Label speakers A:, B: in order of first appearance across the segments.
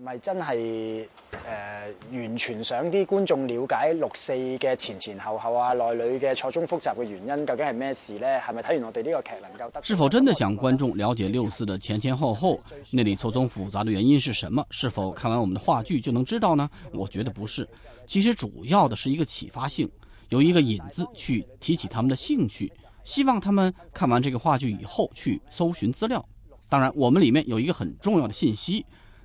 A: 係咪真係誒完全想啲觀眾了解六四嘅前前後後
B: 啊、內裏嘅錯綜複雜嘅原因究竟係咩事呢？係咪睇完我哋呢個劇能夠得？是否真的想觀眾了解六四的前前後後、內裏錯綜複雜的原因是什麼？是否看完我們的話劇就能知道呢？我覺得不是，其實主要的是一個啟發性，由一個引子去提起他們的興趣，希望他們看完這個話劇以後去搜尋資料。當然，我們裡面有一個很重要的信息。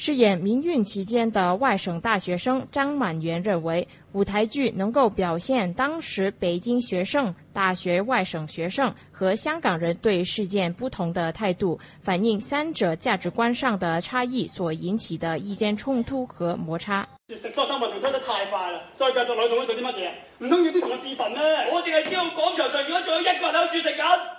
A: 飾演民運期間的外省大學生張滿元認為，舞台劇能夠表現當時北京學生、大學外省學生和香港人對事件不同的態度，反映三者價值觀上的差異所引起的意見衝突和摩擦。
C: 食得太快再仲做啲乜嘢？唔通要啲同我自焚呢，我知道場上如果仲有一食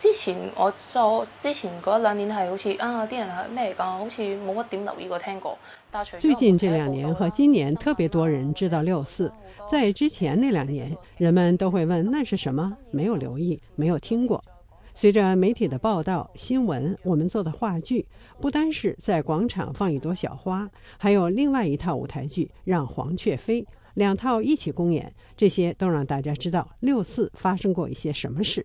D: 之前我做之前嗰兩年係好似啊，啲人係咩嚟？好似冇乜點留意過聽
E: 過。最
D: 近這兩年和今年特別多人知道六四。在之前那兩年，人們都會問，那是什麼？沒有留意，沒有聽過。隨着媒體的報道、新聞，我們做的話劇不單是在廣場放一朵小花，還有另外一套舞台劇讓黃雀飛兩套一起公演，這些都讓大家知道六四發生過一些什麼事。